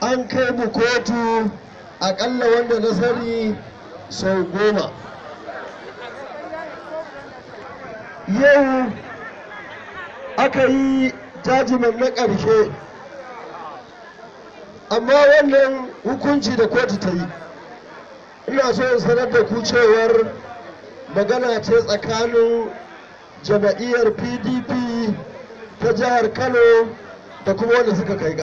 an kai mu kotu akalla wanda na sani sau goma yau aka yi jajiman na ƙarshe amma wannan hukunci da kotu ta yi ina so in sanar da ku cewar magana ce tsakanin jama'iyyar pdp ta jihar kano da kuma wanda suka kai